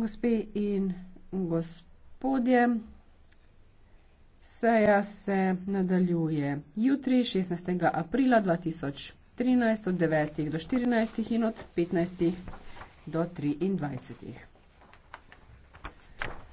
Gospe in gospodje, seja se nadaljuje jutri, 16. aprila 2013, od 9. do 14. in od 15. do 23.